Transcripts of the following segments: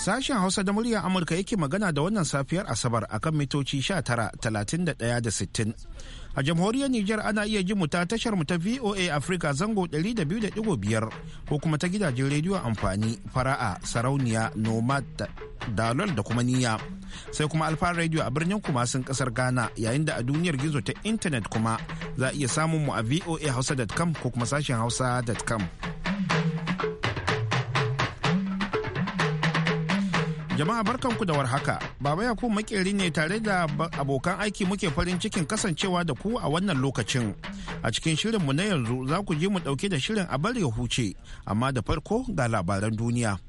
Sashen Hausa da muryar Amurka yake magana da wannan safiyar Asabar a kan mitoci 19,31 da sittin A jamhuriyar Nijar ana iya ji ta tashar mu ta VOA Africa zango 200.5 ko kuma ta gidajen rediyo amfani fara'a sarauniya nomad dalol da kuma niyya. Sai kuma alfa rediyo a birnin kumasin kasar Ghana yayin da a duniyar gizo ta intanet kuma za a iya samun mu a voahausa.com ko kuma sashen hausa.com. Jama'a barkanku da warhaka. Baba Yakubu makeri ne tare da abokan aiki muke farin cikin kasancewa da ku a wannan lokacin. A cikin shirin mu na yanzu za ku ji mu ɗauke da shirin a bari ya huce, amma da farko ga labaran duniya.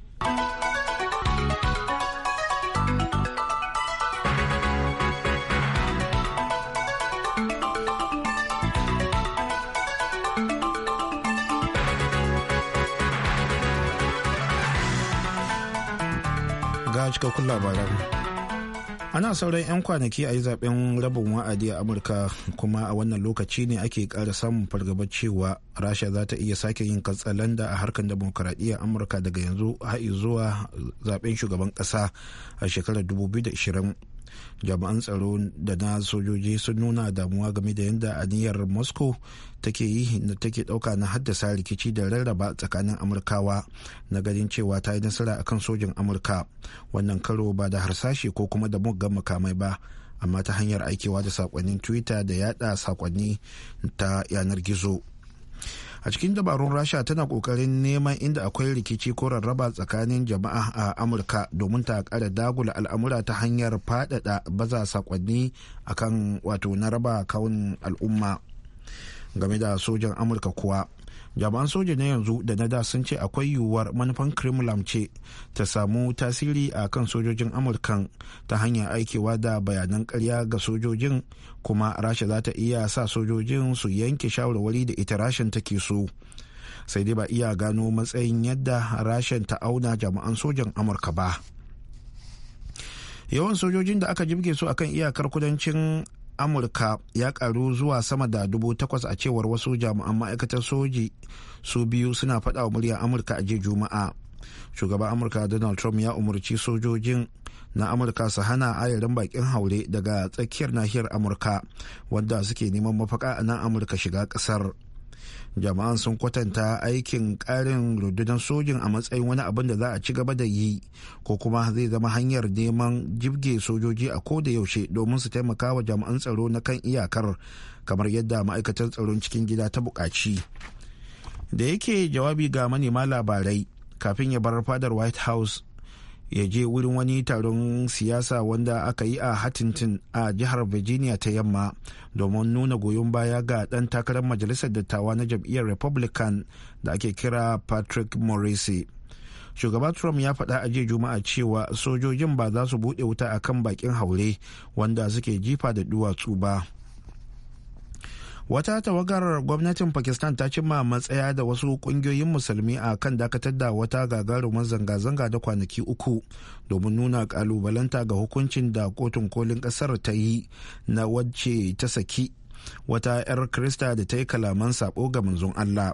cikakkun labaran ana sauran 'yan kwanaki a yi zaben rabin wa'adi a amurka kuma a wannan lokaci ne ake kara samun fargabar cewa rasha za ta iya sake yin katsalanda a harkar demokuraɗiyyar amurka daga yanzu har zuwa zaben shugaban kasa a shekarar 2020 jami'an tsaro da na sojoji sun nuna damuwa game da yadda aniyar moscow take yi da take dauka na haddasa rikici da rarraba tsakanin amurkawa na ganin cewa ta yi nasara akan sojin amurka wannan karo ba da harsashi ko kuma da muggan makamai ba amma ta hanyar aikewa da sakonnin twitter da yada sakonni ta yanar gizo a cikin dabarun rasha tana kokarin neman inda akwai rikici ko rarraba tsakanin jama'a a amurka domin ta kara dagula al'amura ta hanyar fadada baza sakonni akan wato na raba kawun al'umma game da sojan amurka kuwa jami'an soja na yanzu da na da sun ce akwai yiwuwar manufan kremlin ce ta samu tasiri a kan sojojin amurkan ta hanyar aikewa da bayanan karya ga sojojin kuma rasha za ta iya sa sojojin su yanke shawarwari da ita rashin ke so sai dai ba iya gano matsayin yadda rashin ta auna jami'an sojan amurka ba yawan sojojin da aka jirge su akan iyakar kudancin amurka ya karu zuwa sama da dubu takwas a cewar wasu jami'an ma'aikatar soji su biyu suna fada wa muryar amurka a jiya juma'a shugaban amurka donald trump ya umarci sojojin na amurka su hana ayarin bakin haure daga tsakiyar nahiyar amurka wanda suke neman mafaka a nan amurka shiga kasar. jama'an sun kwatanta aikin karin rundunar sojin a matsayin wani abin da za a ci gaba da yi ko kuma zai zama hanyar neman jibge sojoji a ko da yaushe domin su taimaka wa jami'an tsaro na kan iyakar kamar yadda ma'aikatar tsaron cikin gida ta buƙaci da yake jawabi ga manema labarai kafin ya bar fadar white house ya je wurin wani taron siyasa wanda aka yi a hatintin a jihar Virginia ta yamma domin nuna goyon baya ga ɗan takarar majalisar dattawa na jam'iyyar Republican da ake kira Patrick Morrissey. Shugaba Trump ya faɗa a jiya Juma'a cewa sojojin ba za su buɗe wuta akan bakin haure wanda suke jifa da duwatsu ba. wata tawagar gwamnatin pakistan ta cimma matsaya da wasu kungiyoyin musulmi a kan dakatar da wata gagarumar zanga-zanga da kwanaki uku domin nuna kalubalanta ga hukuncin da kotun kolin kasar ta yi na wacce ta saki wata 'yar krista da ta yi kalaman sabo ga manzon allah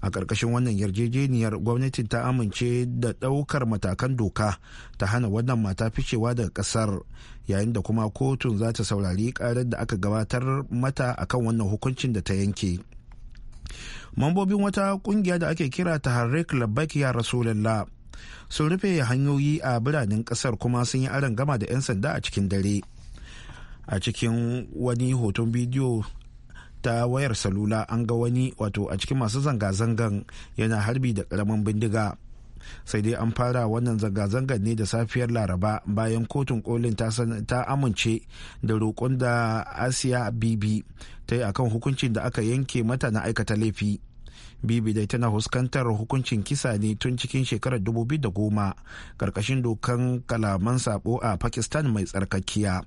a ƙarƙashin wannan yarjejeniyar gwamnatin ta amince da ɗaukar matakan doka ta hana wannan mata ficewa daga ƙasar yayin da kuma kotun za ta saurari ƙarar da aka gabatar mata akan wannan hukuncin da ta yanke mambobin wata ƙungiya da ake kira ta harrik labbaik ya rasulallah sun rufe hanyoyi a biranen ƙasar kuma sun yi aron gama da 'yan sanda a cikin dare a cikin wani hoton bidiyo ta wayar salula an ga wani wato a cikin masu zanga-zangan yana harbi da karamin bindiga sai dai an fara wannan zanga-zangar ne da safiyar laraba bayan kotun kolin ta amince da roƙon da asiya bibi ta yi akan hukuncin da aka yanke mata na aikata laifi bibi dai tana huskantar hukuncin kisa ne tun cikin shekarar 2010 karkashin dokan kalaman sabo a pakistan mai tsarkakiya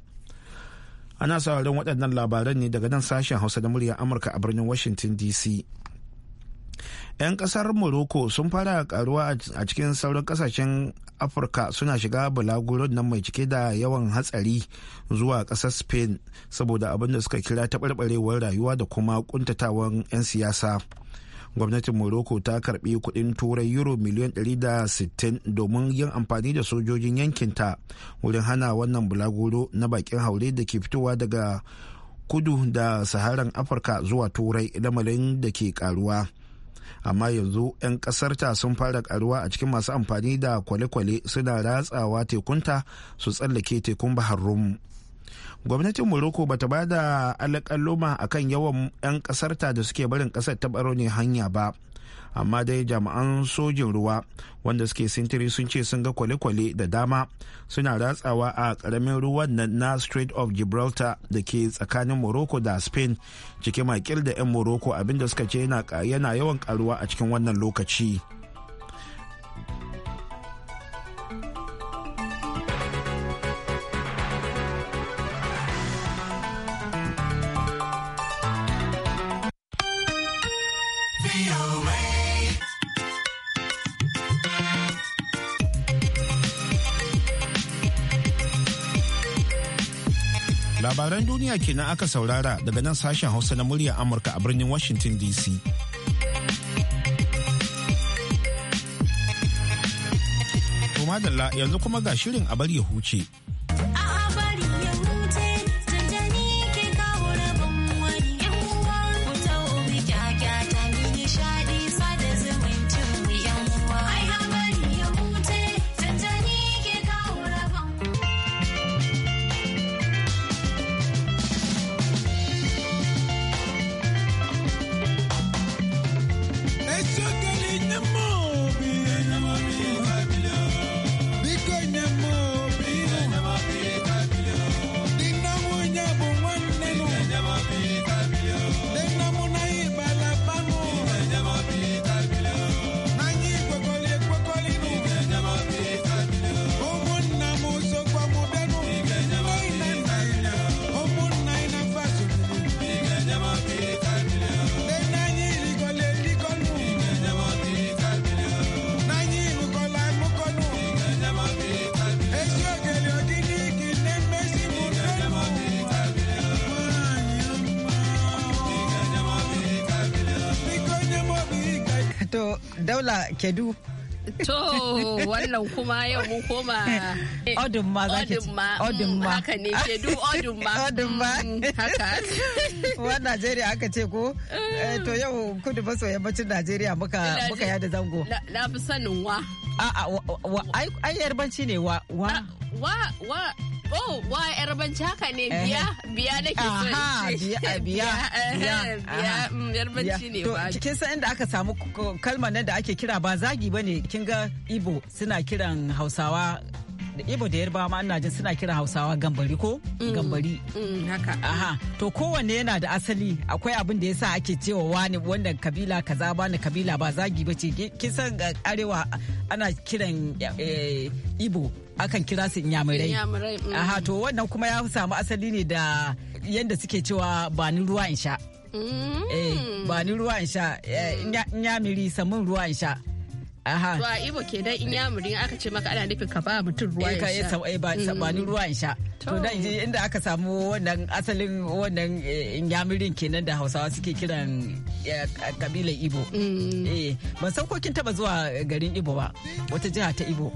ana sauraron waɗannan labaran ne daga nan sashen hausa na muryar amurka a birnin washington dc 'yan ƙasar morocco sun fara karuwa a cikin sauran kasashen afirka suna shiga balaguron nan mai cike da yawan hatsari zuwa kasar spain saboda abin da suka kira taɓarɓarewar rayuwa da kuma kuntatawan 'yan siyasa gwamnatin morocco ta karbi kudin turai euro miliyan 160 domin yin amfani da sojojin yankinta wurin hana wannan bulaguro na bakin haure da ke fitowa daga kudu da saharan afirka zuwa turai lamarin da ke karuwa amma yanzu 'yan kasarta sun fara karuwa a cikin masu amfani da kwale-kwale suna ratsawa tekunta su tsallake tekun bahar rum gwamnatin morocco bata ba da a kan yawan 'yan ƙasarta da suke barin ƙasar ta ne hanya ba amma dai jami'an sojin ruwa wanda suke sintiri sun ce sun ga kwale-kwale da dama suna ratsawa a ƙaramin ruwan na, strait of gibraltar da ke tsakanin morocco da spain cike makil da 'yan morocco abinda suka ce yana yawan karuwa a cikin wannan lokaci. labaran duniya kenan aka saurara daga nan sashen hausa na murya amurka a birnin washington dc madalla yanzu kuma ga shirin a bar ya huce To, daula kedu. To, wannan kuma yau mun koma. Odumma za ki Odumma. Mm, haka ne, kedu Odumma. Odumma. Mm, haka. Wa Najeriya aka ce ko? Eh, to yau kudu maso yammacin Najeriya muka yada zango. Na fi sanin wa. A'a, ai yarbanci ne wa. Ah, wa, wa, Oh, wa yarbanci haka ne eh. biya biya ke so eh, eh, biya biya mm, biya yarbanci ne ba. Kin san inda aka samu kalmar nan da ake kira ba zagi bane kin ga Ibo suna kiran Hausawa ibo da yarbawa ma ina jin suna kira hausawa gambari ko mm, gambari mm, haka aha to kowanne yana da asali akwai abin da yasa ake cewa wani wannan kabila kaza ba ni kabila ba zagi ba ce kisan eh, arewa ana kiran eh, ibo akan kira su inyamurai mm. aha to wannan kuma ya samu asali ne da yadda suke cewa ba ni ruwa in sha eh, ba ni ruwa in sha inyamiri samun ruwa in sha Aha. Ruwa Ibo kenan in yamurin aka ce maka ana nufin ka ba mutum ruwa eh, ya sha. Eh ba mm. sabanin ruwa ya sha. To dan je inda aka samu wannan asalin wannan eh, inyamurin kenan da Hausawa suke kiran kabilar Ibo. Mm. Eh ban san ko kin taba zuwa garin Ibo ba wata jiha ta Ibo.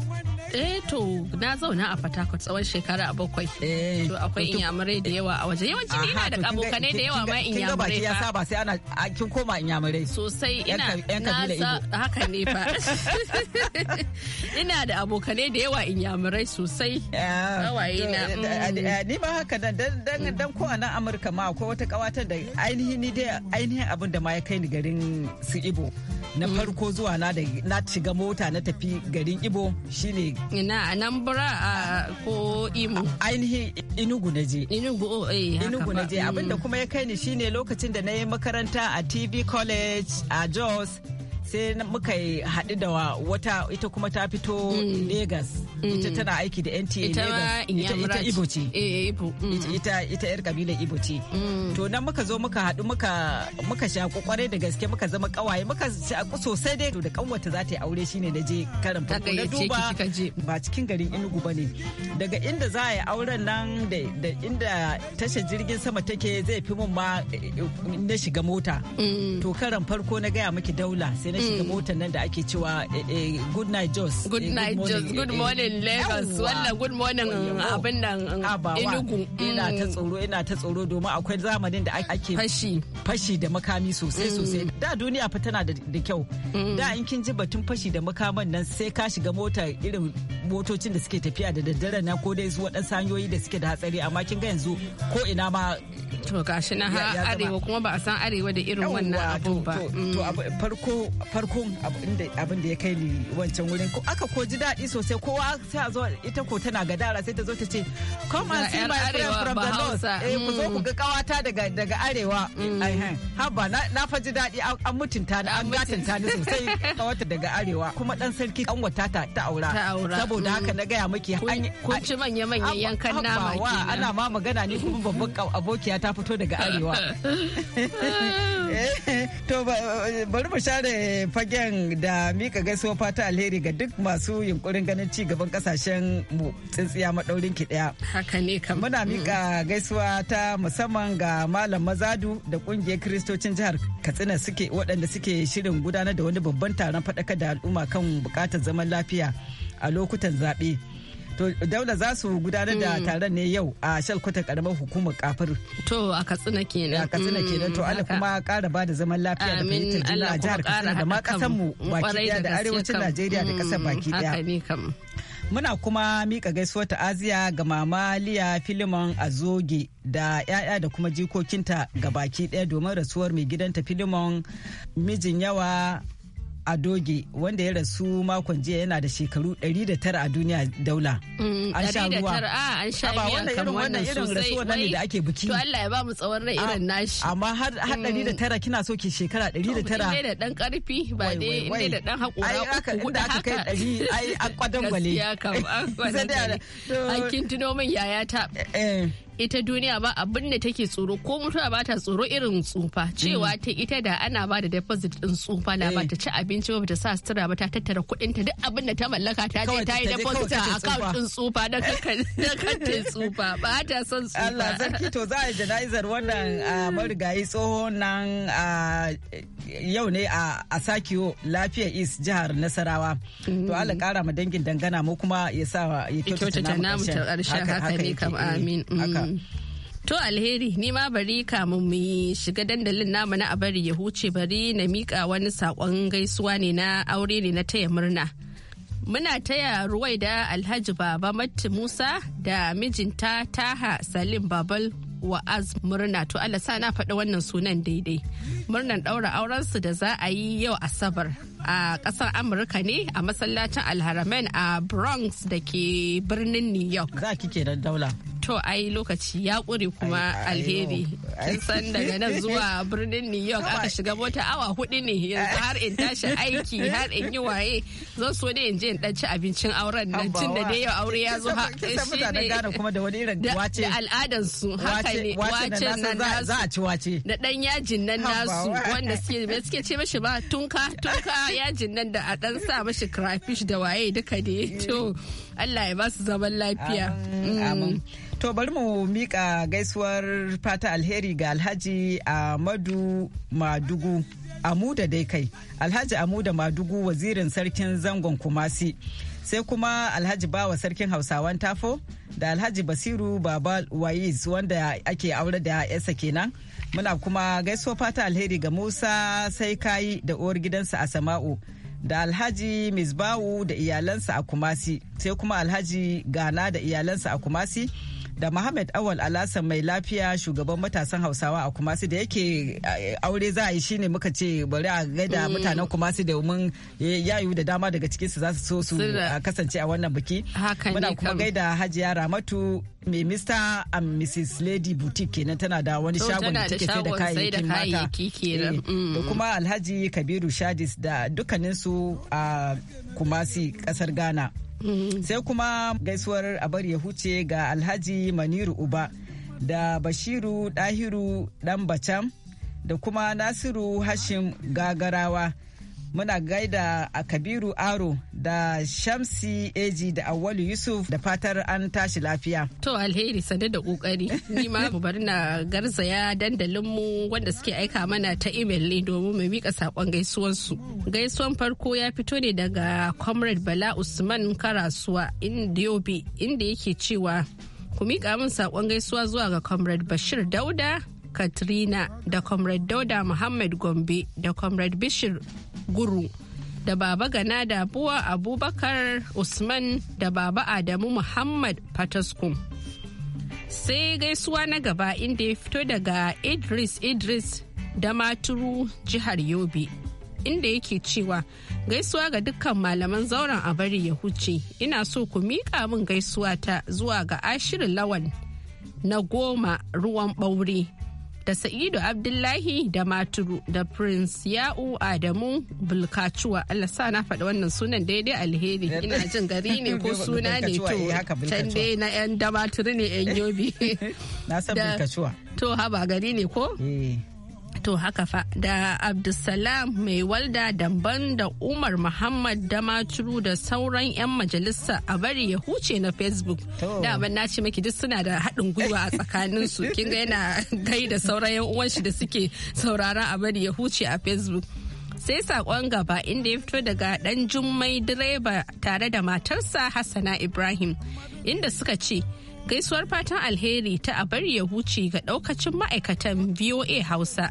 eh to na zauna a Fatakot tsawon shekara bakwai eh, to akwai inyamurai da yawa a waje yawanci ina da abokanai da yawa ma inyamurai fa kin ya saba sai ana kin koma inyamurai sosai ina na haka ne fa ina da abokanai da yawa in yamurai sosai ah, eh, mm. eh, eh, ni ma haka nan dan dan ko a nan amurka ma akwai wata kawata da ainihin ni dai ainihin abin da ma ya kai ni garin su ibo na mm. farko zuwa na da na shiga mota na tafi garin ibo shine ina anambra a ko imo ainihin inugu na je inugu oh, eh inugu na je abin da mm. kuma ya kai ni shine lokacin da na yi makaranta a tv college a jos sai muka haɗu da wata ita kuma ta fito mm. Legas. Mm. Ita tana aiki da NTA Legas. Ita Ibo ce. Eh, eh, mm. Ita yar kabila Ibo ce. To nan muka zo muka haɗu muka sha kwarai da gaske muka zama ƙawaye muka sha sosai dai da wata za ta yi aure shine na je karin farko na duba ba cikin garin Enugu ba ne. Daga inda za a yi auren nan da inda tashar jirgin sama take zai fi mun ma eh, na shiga mota. To karan farko na gaya miki daula sai na shiga mm. motar nan da ake cewa eh, eh, good night jos eh, good night jos good morning lagos wannan good morning abin nan enugu ina ta mm. tsoro ina ta tsoro domin akwai zamanin da ake fashi fashi da makami sosai mm. sosai da duniya fa tana da kyau da in kin ji batun fashi da makaman nan sai ka shiga mota irin motocin da suke tafiya da daddare na ko dai su dan sanyoyi da suke da hatsari amma kin ga yanzu ko ina ma to gashi na arewa kuma ba a san arewa da irin wannan abu ba to farko farkon abin da ya kai ni wancan wurin ko aka ko ji daɗi sosai kowa sai a zo ita ko tana gadara sai ta zo ta ce come and see my friend from the north eh ku zo ku ga kawata mm. daga daga arewa mm. haba na fa ji daɗi an mutunta ni an gatunta ni sosai kawata daga arewa kuma dan sarki an wata ta ta aura saboda haka mm. na gaya miki kun ci manya manyan yankan nama kenan ana ma magana ne kuma babban abokiya ta fito daga arewa eh, to bari mu share fagen da mika gaisuwa fata alheri ga duk masu yunkurin ganin ci gaban kasashen mu tsintsiya maɗaurin ki ɗaya. Haka ne kam. Muna mika gaisuwa ta musamman ga Malam Mazadu da ƙungiyar Kiristocin jihar Katsina suke waɗanda suke shirin gudanar da wani babban taron faɗakar da al'umma kan buƙatar zaman lafiya a lokutan zaɓe. To daula za su gudanar da mm. taron ne yau a shalkwata karamar hukumar kafir. To a Katsina kenan. A Katsina mm, kenan to Allah kuma kara ba da zaman lafiya da fahimtar juna a jihar Katsina da ma kasan mu baki daya da arewacin Najeriya da kasan mm, baki daya. Muna kuma mika gaisuwar ta'aziya ga mama Liya Filimon Azoge da 'ya'ya da kuma jikokinta ga baki daya domin rasuwar mai gidanta Filimon mijin yawa adoge wanda ya rasu makon jiya yana da shekaru 109 a duniya daula mm, an sha ruwa ah, an sha ruwa wanda irin wannan irin rasuwa nan ne da ake biki to Allah ya ba mu tsawon rai irin ah, nashi amma har 109 mm. kina so ki shekara 109 ne da dan karfi ba dai ne da dan hakura ai aka da aka kai 100 ai an kwadan gale gaskiya kam an kwadan gwale an kin tuno min yayata eh, eh. ita duniya ba abin da take tsoro ko mutuwa ba ta tsoro irin tsufa cewa mm. ta ita da ana ba da deposit din tsufa na ba eh. ta ci abinci ba ta sa sutura ba ta tattara kuɗin ta duk abin da ta mallaka ta je ta yi deposit a account din tsufa na kanta tsufa ba ta son tsufa Allah sarki to za a jana'izar wannan mm. marigayi tsohon nan yau ne a Sakiyo Lafiya East jihar Nasarawa to mm. Allah kara ma dangin dangana mu kuma ya sa ya kyautata namu ta ƙarshen haka ne kam eh, amin To alheri ni ma bari kamun mu shiga dandalin namu na abari ya huce bari na miƙa wani saƙon gaisuwa ne na aure ne na taya murna. Muna taya ruwai da Alhaji Baba Matti Musa da mijinta Taha Salim Babal wa'az murna to Allah sa na faɗi wannan sunan daidai. Murnan ɗaura aurensu da za a yi yau Asabar. a kasar amurka ne a masallacin alharamen a bronx da ke birnin new york za ki dan daula to ai lokaci ya ƙure kuma alheri Kin san daga nan zuwa birnin new york aka shiga mota awa hudu ne yanzu har in tashi aiki har in yi waye zan so ne in je in ɗanci abincin auren nan tun da dai yau aure ya zo ha kuma da wani irin wace da al'adan su haka ne wace nan nasu za a ci wace da dan yajin nan nasu wanda suke suke ce mashi ba tunka tunka yajin nan da a dan sa mashi crayfish da waye duka ne to Allah ya ba su zaman lafiya amin mm. to bari mu mika gaisuwar fata alheri ga Alhaji Ahmadu Madugu da dai kai Alhaji Amuda Madugu wazirin sarkin zangon Kumasi sai kuma Alhaji Bawa sarkin Hausawan Tafo da Alhaji Basiru Baba Wayiz wanda ake aure da 'yarsa kenan Muna kuma gaisuwa fata alheri ga Musa sai kayi da uwar gidansa a Sama'u. da alhaji misbawu da iyalansa a kumasi sai kuma alhaji gana da iyalansa a kumasi da Muhammad Awal Alasan mai lafiya shugaban matasan Hausawa a Kumasi da yake eh, aure za a yi shine muka ce bari a gaida mm. mutanen Kumasi da mun eh, yayu da dama daga cikin su za su so su kasance a wannan biki. Muna kuma gaida Hajiya Ramatu mai Mr and Mrs Lady Boutique kenan tana da wani shagon da take sai da kayayyakin mata. Eh, da mm. kuma Alhaji Kabiru Shadis da dukkaninsu a Kumasi kasar Ghana. sai kuma gaisuwar abar ya huce ga alhaji maniru uba da bashiru dahiru dan bacam da kuma nasiru hashim gagarawa muna gaida a kabiru aro da shamsi eji da awali yusuf da fatar an tashi lafiya to alheri sane da kokari ni ma bari na garzaya dandalin mu wanda suke aika mana ta email ne domin mu mika sakon gaisuwan su gaisuwan farko ya fito ne daga comrade bala usman karasuwa indiobi inda yake cewa ku miƙa min sakon gaisuwa zuwa ga comrade bashir dauda katrina da comrade dauda muhammad gombe da comrade bishir guru da baba gana da buwa abubakar usman da baba adamu muhammad fataskum sai gaisuwa na gaba inda ya fito daga idris idris da maturu jihar yobe inda yake cewa gaisuwa ga dukkan malaman zauren a bari ya huce ina so ku miƙa min gaisuwa ta zuwa ga ashirin lawan na goma ruwan ɓaure da sa'idu abdullahi da maturu da prince ya'u adamu bulkacuwa allah sa na faɗi wannan sunan daidai alheri ina jin gari ne ko suna ne to eh, can dai na yan damaturu ne yan yobi na san bulkacuwa to haba gari ne ko eh. to haka fa da abdulsalam mai walda damban da umar muhammad damaturu da sauran 'yan majalisa a bari ya huce na facebook daban na ce maki duk suna da haɗin gwiwa a tsakanin su kin yana gai da sauran 'yan uwan da suke sauraron a bari ya huce a facebook sai sakon gaba inda ya fito daga dan jummai direba tare da matarsa hassana ibrahim inda suka ce gaisuwar fatan alheri ta a bari ya huce ga daukacin ma'aikatan voa hausa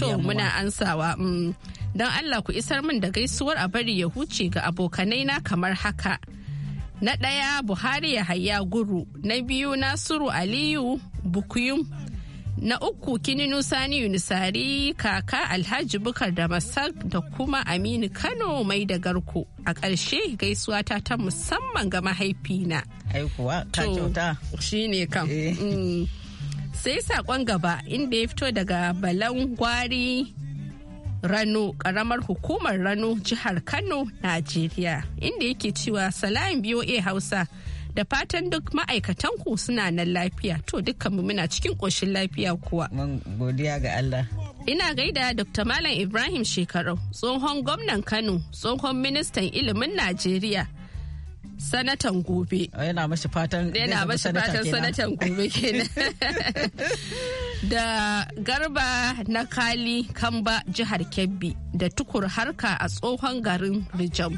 to muna ansawa mm, don allah ku isar min da gaisuwar a bari ya huce ga abokanai na kamar haka na ɗaya buhari ya haya guru na biyu nasiru aliyu bukuyum na uku kininu sani unisari kaka alhaji bukar da masar da kuma aminu kano mai da garko a ƙarshe gaisuwa ta ta musamman ga mahaifina aikuwa shine kam eh. mm. sai sakon gaba inda ya fito daga balan gwari Rano karamar hukumar Rano jihar Kano, Najeriya, inda yake cewa salam BOA Hausa da fatan duk ma'aikatan ku suna nan lafiya to dukkan mu muna cikin koshin lafiya kuwa mun godiya ga Allah ina gaida dr malam ibrahim shekarau tsohon gwamnan kano tsohon ministan ilimin najeriya sanatan gobe. Yana mashi fatan Yana mashi fatan sanatan gobe kenan. da garba na kali kamba jihar Kebbi da tukur harka a tsohon garin Rijam.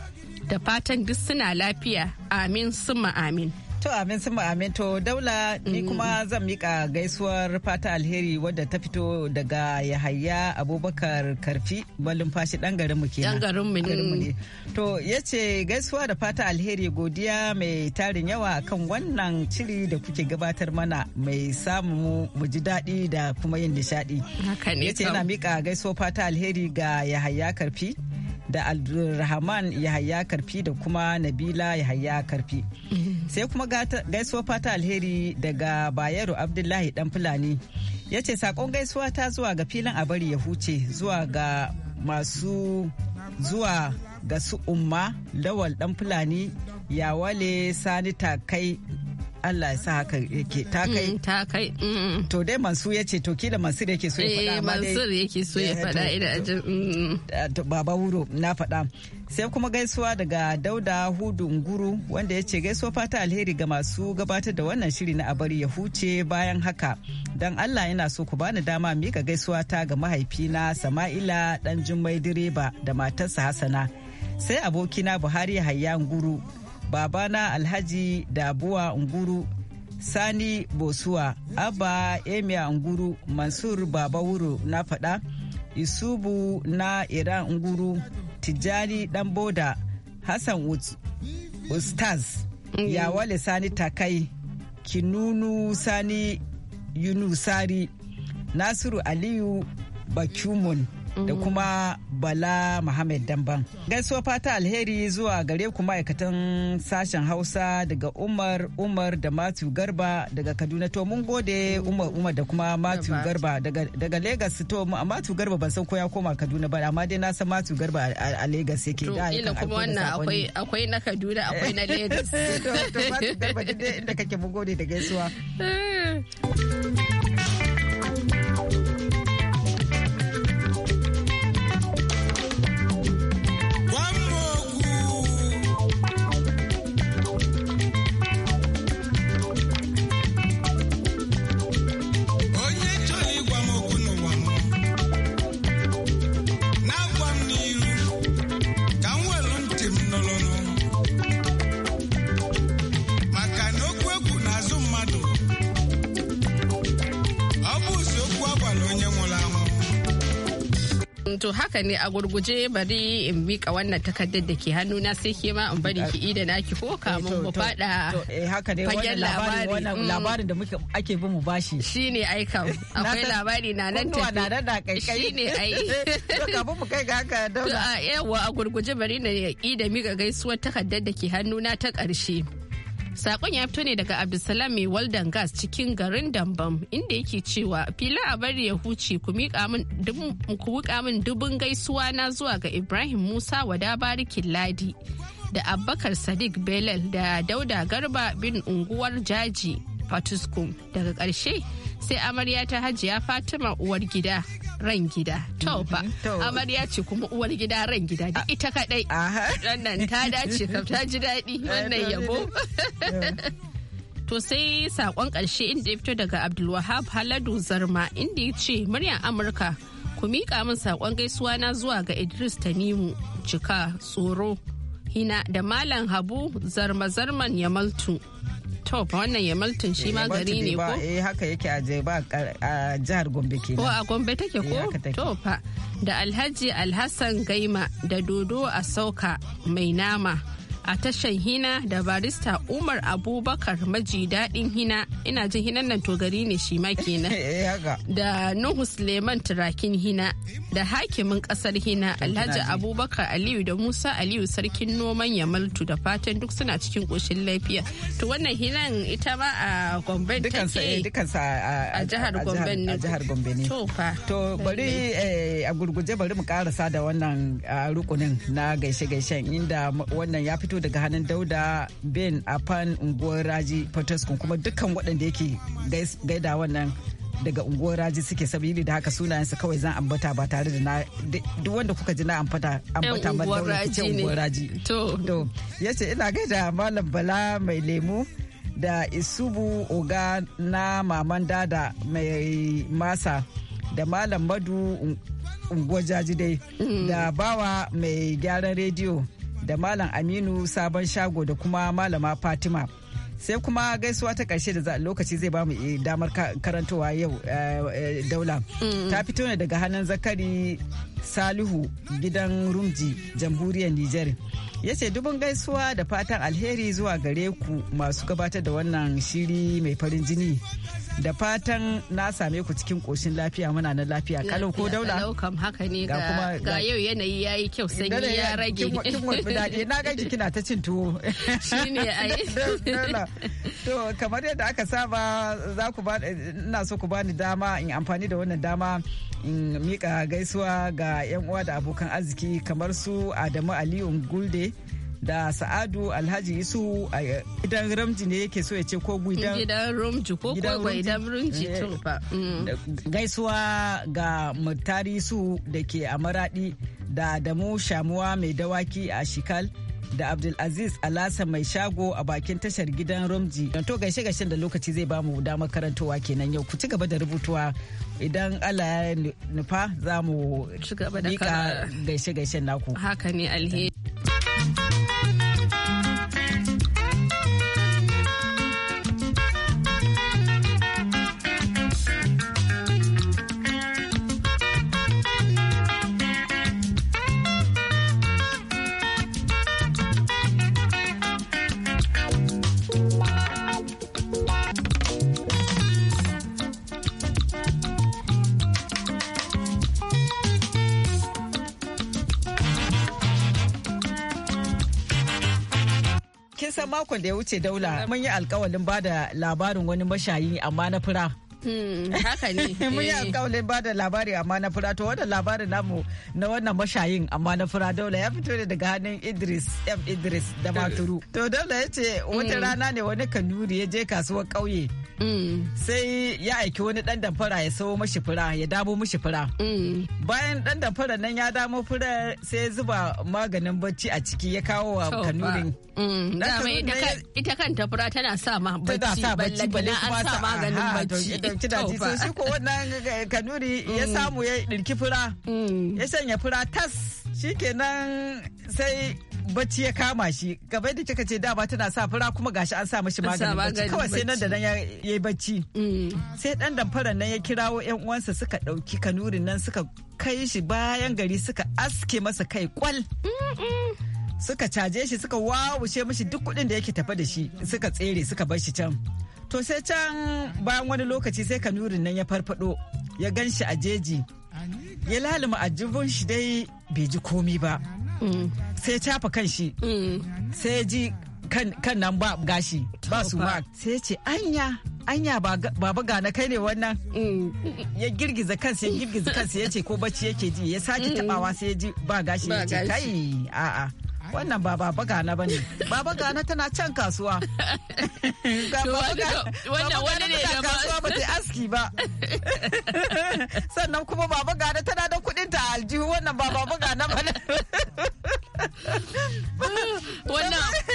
da fatan duk suna lafiya amin summa amin to amin summa amin to daula ni mm. kuma zan mika gaisuwar fata alheri wadda ta fito daga yahaya abubakar karfi malumfashi dan garin mu kenan dan garin mu ne to yace gaisuwa da fata alheri godiya mai tarin yawa kan wannan ciri da kuke gabatar mana mai samu mu ji daɗi da kuma yin nishadi yace yana mika gaisuwar fata alheri ga yahaya karfi da Abdulrahman Yahaya Karfi da kuma Nabila Yahaya Karfi. Sai kuma gaisuwa fata alheri daga Bayero Abdullahi Dan Fulani. Ya ce sakon gaisuwa ta zuwa ga filin abari ya huce zuwa ga masu zuwa ga su umma lawal dan fulani yawale sani ta kai. Allah ya sa haka yake ta kai mm, ta kai mm. to dai Mansur ya ce to kila Mansur yake so ya faɗa eh, Mansur yake so ya eh, faɗa ina ajin mm. baba wuro na faɗa sai kuma gaisuwa daga Dauda Hudu Nguru wanda ya ce gaisuwa fata alheri ga masu gabatar da wannan shiri na abari ya huce bayan haka dan Allah yana so ku bani dama mika gaisuwa ta ga mahaifina Sama'ila dan Jummai direba da matarsa Hassana sai abokina Buhari Hayyan Guru babana alhaji dabuwa nguru sani bosuwa abba emia nguru mansur baba na fada isubu na iran nguru tijani dan boda hassan ustaz mm. yawale sani takai kinunu sani yunusari nasiru aliyu bakumun da mhm. kuma Bala Muhammad Damban. Gaisuwa fata alheri zuwa gare ku ma'aikatan sashen Hausa daga Umar Umar da Matu Garba daga Kaduna to mun gode Umar Umar da kuma Matu Garba daga Legas to Matu Garba ban san ko ya koma Kaduna ba amma dai na san Matu Garba a Legas yake da ila kuma wannan akwai akwai na Kaduna akwai na Legas. To Matu Garba da inda kake mun gode da gaisuwa. to haka ne a gurguje bari in mika wannan takardar da ke hannuna sai ke ma in bari ki ida ki ko eh, mun mu fada eh, fagen labari mm. labarin da muke ake bin mu bashi shine ai kam akwai labari na nan tafi na da kai shine ai to kafin mu kai ga haka da yawa a gurguje bari na ida mika gaisuwar takardar da ke hannuna ta karshe Sakon ya fito ne daga Abdulsalam mai waldan gas cikin garin Dambam inda yake cewa fila a bari ya huce ku wuka min dubin gaisuwa na zuwa ga Ibrahim Musa wada barikin ladi da Abbakar Sadiq Belal da Dauda Garba bin unguwar Jaji Fatuskum daga ƙarshe. sai amarya ta hajiya fatima uwar gida ran gida to mhm. amarya ce kuma uwar gida ran gida da ita kadai wannan ta dace ta ji daɗi wannan yabo To sai sakon ƙarshe inda ya fito daga Abdulwahab Haladu Zarma inda ya ce muryar Amurka ku miƙa min sakon gaisuwa na zuwa ga Idris Tanimu cika Tsoro Hina da Malam Habu Zarma Zarman Yamaltu To wannan Yamaltin shi ma gari ne ko? Eh haka yake a a jihar Gombe ke Ko a Gombe take ko? Eh, tofa. da Alhaji Alhassan Gaima da Dodo a Sauka mai nama. a tashar hina da barista umar abubakar maji daɗin hina ina jin hinan nan togari ne shi ma kenan eh, da nuhu suleiman turakin hina da hakimin ƙasar hina alhaji abubakar aliyu da musa aliyu sarkin noman yamaltu da fatan duk suna cikin ƙoshin lafiya to wannan hinan ita ma a gombe take a jihar gombe ne to to bari eh, a gurguje bari mu karasa da wannan ah, rukunin na gaishe-gaishen inda wannan ya fito fito daga hannun dauda ben afan unguwar raji fataskun kuma dukkan waɗanda yake gaida wannan daga unguwar raji suke sabili da haka sunayensa kawai zan ambata ba tare da na duk wanda kuka ji na ambata ambata ba da unguwar raji to yace ina gaida malam bala mai lemu da isubu oga na maman dada mai masa da malam madu unguwar jaji dai mm. da bawa mai gyaran rediyo da Malam Aminu Sabon Shago da kuma Malama Fatima. Sai kuma gaisuwa ta ƙarshe da lokaci zai bamu eh, damar karantowa yau eh, eh, daula. Ta fito ne daga hannun zakari Salihu gidan Rumji, jamhuriyar Nijar. ya ce dubin gaisuwa da fatan alheri zuwa gare ku masu gabatar da wannan shiri mai farin jini da fatan na same ku cikin koshin lafiya muna nan lafiya kalau ko daula haka ne ga yau yanayi ya yi kyau sanyi ya rage kin wani dadi na ga jiki na ta cin tuwo to kamar yadda aka saba za ku ina so ku bani dama in amfani da wannan dama in mika gaisuwa ga yan uwa da abokan arziki kamar su Adamu Aliyu Gulde da sa'adu alhaji isu a gidan ramji ne yake so ya ce ko gidan ramji rumji ko ko gidan rumji eh, tumfa mm. gaisuwa ga mutari su da ke a maradi da adamu shamuwa mai dawaki a shikal da abdulaziz alasa mai shago a bakin tashar gidan rumji to gaishe gashin da lokaci zai bamu damar karantowa kenan yau ku ci gaba da rubutuwa idan allah ya nufa za mu gaishe gaishen naku haka ne alheri makon da ya wuce daula mun yi alkawalin ba da labarin wani mashayi amma na fura Hmm. haka ne mun yi eh. alƙawalin ba da labari amma na fura to wannan labarin namu na wannan mashayin amma na fura daula ya fito ne daga hannun idris m idris da maturu hmm. to daula ya ce wata hmm. rana ne wani kanuri ya je kasuwar ƙauye sai ya aiki wani dan damfara ya sawo mashi fura ya damo mashi fura bayan dan damfara nan ya damo fura sai ya zuba maganin bacci a ciki ya kawo wa kanurin ita kanta fura tana sa ma bacci balle kuma sa maganin bacci fahimci da ji shi ko wannan kanuri ya mm. samu ya ɗirki fura mm. ya sanya fura tas shikenan sai bacci ya kama shi gaba da kika ce dama tana sa fura kuma gashi an sa mishi maganin bacci kawai sai nan da nan yayi bacci mm. sai dan damfaran nan ya kirawo yan uwansa suka dauki kanurin nan suka kai shi bayan gari suka aske masa kai kwal suka caje shi suka wawushe mishi duk kudin da yake tafa da shi suka tsere suka bar shi can to sai can bayan wani lokaci sai kanurin nan ya farfado ya gan shi a jeji ya lalima jibin shi dai bai ji komi ba mm. sai cafa kan shi mm. sai ji kan nan ba gashi ba su ma sai ce anya anya baba ga na kai ne wannan mm. ya girgiza kansa ya girgiza kansa ya ce ko bacci yake ji ya sake tabawa sai ya ji ba gashi ya ce kai a'a wannan ba baba gana ba ne baba gana tana can kasuwa wannan wani ne da kasuwa ba ta aski ba sannan kuma baba gana tana da kudin ta aljihu wannan ba baba gana ba ne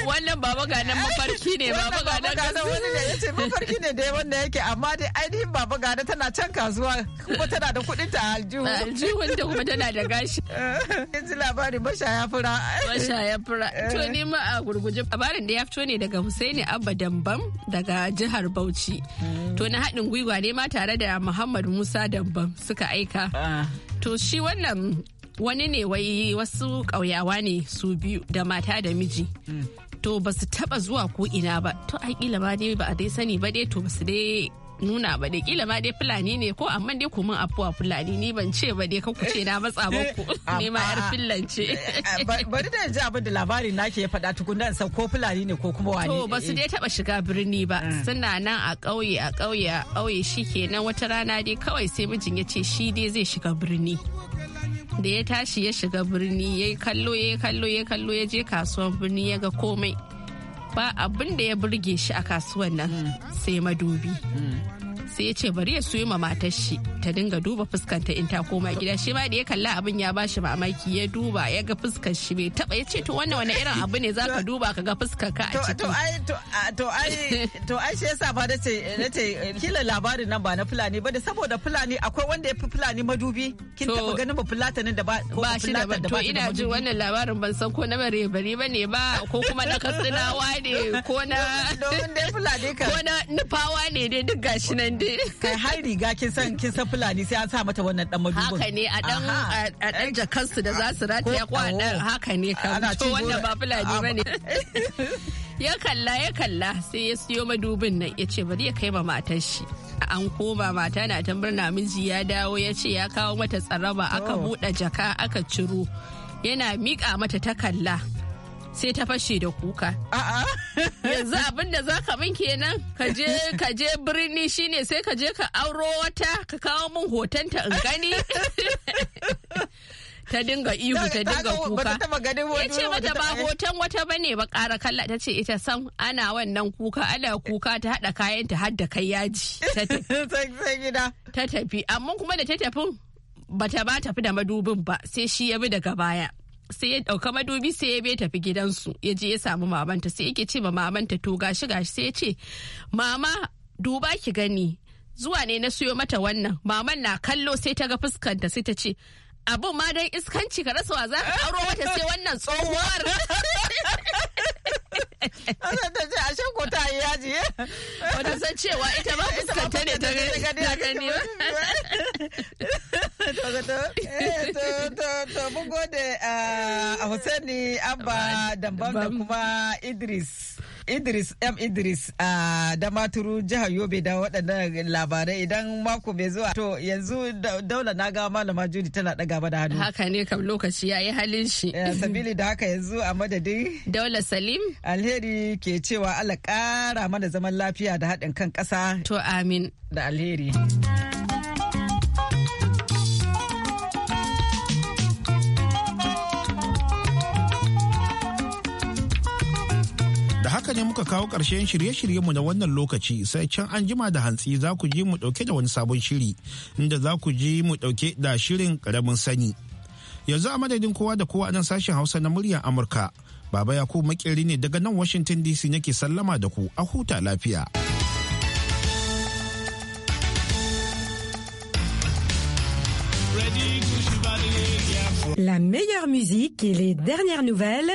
wannan baba ga nan mafarki ne baba ga nan ganan wani ne yace mafarki ne dai wanda yake amma dai ainihin baba ga nan tana can kasuwa kuma tana da kuɗin ta aljihu aljihu da kuma tana da gashi yanzu labari ya fura masha ya fura to eh. ni ma a gurguje labarin da ya fito ne daga Husaini Abba Dambam daga jihar Bauchi hmm. to na haɗin gwiwa ne ma tare da Muhammad Musa Dambam suka aika ah. to shi wannan wani ne wai wasu ƙauyawa ne su biyu da mata da miji hmm. to ba su taba zuwa ko ina ba to a kila ma dai ba a dai sani ba dai to ba su dai nuna ba dai kila ma dai fulani ne ko amma dai kuma afuwa fulani ni ban ce ba dai ka kuce na matsa ku ah, ne ma yar ah, ah. fillan ce eh, eh, bari da ji abin da labarin nake ya faɗa nan san ko fulani ne ko kuma wani to ba su eh. dai taba shiga birni ba hmm. suna nan a ƙauye a ƙauye a ƙauye shikenan wata rana dai kawai sai mijin ya ce shi dai zai shiga birni da ya tashi ya shiga birni ya yi kallo ya kallo ya kallo ya je kasuwan birni ya ga komai ba abin da ya burge shi a kasuwan nan hmm. sai madubi hmm. sai ya ce bari ya suyi ma matar shi ta dinga duba fuskanta in ta koma gida shi ma da ya kalla abin ya bashi mamaki ya duba ya ga fuskar shi bai taba ya ce to wannan wani irin abu ne za ka duba ka ga fuskar ka a ciki to ai to ai to ai shi yasa ba nace nace kila labarin nan ba na fulani ba da saboda fulani akwai wanda ya fi fulani madubi kin taba ganin ba fulatanin da ba ko ba shi da to ina jin wannan labarin ban san ko na bare bare bane ba ko kuma na katsinawa ne ko na domin dai fulani ka ko na nufawa ne dai duk gashi nan kai har riga kin san kin san fulani sai an sa mata wannan dan madubin haka ne a dan a dan jakansu da za su kwa dan haka ne kan to wannan ba fulani bane ya kalla ya kalla sai ya siyo madubin nan ya ce bari ya kai ma matar shi an koma mata na ta murna miji ya dawo ya ce ya kawo mata tsaraba aka buɗe jaka aka ciro yana miƙa mata ta kalla sai ta fashe da kuka. A'a. Yanzu abin da za ka min kenan ka je ka je birni shine sai ka je ka auro wata ka kawo min hotonta in gani. ta dinga ihu ta dinga kuka ya ce mata ba eh? hoton wata bane ba ƙara kalla ta ce ita san ana wannan kuka ana kuka ta haɗa kayan ta hadda kai yaji ta tafi amma kuma da ta tafi bata ba tafi da madubin ba sai shi ya bi daga baya sai ya dauka madubi sai ya bai tafi gidansu ya je ya samu mamanta sai yake ce ma mamanta to gashi gashi sai ya ce mama duba ki gani zuwa ne na siyo mata wannan maman na kallo sai ta ga fuskanta sai ta ce abin ma dan iskanci ka rasa wa za ka auro mata sai wannan tsohuwar Ana ta ce a shan ko ta yi yaji. Wata san cewa ita ba fuskanta ne ta gani ta gani ba. To mun gode eh, a Hussaini Abba Dambam da kuma Idris. Idris M Idris a Damaturu jihar Yobe da waɗannan labarai idan mako bai zuwa to yanzu daula na ga malama Judi tana ɗaga ba da hannu. Haka ne kam lokaci ya yi halin shi. Sabili da haka yanzu a madadin. Daula Salim. Alheri ke cewa Allah ƙara mana zaman lafiya da haɗin kan ƙasa. To amin. Da alheri. haka ne muka kawo ƙarshen shirye-shiryenmu na wannan lokaci sai can an jima da hantsi za ku ji mu ɗauke da wani sabon shiri inda za ku ji mu ɗauke da shirin ƙaramin sani. Yanzu a madadin kowa da kowa nan sashen Hausa na muryar Amurka. Baba ya ku makeri ne daga nan Washington DC nake sallama da ku a huta lafiya. La meilleure musique et les dernières nouvelles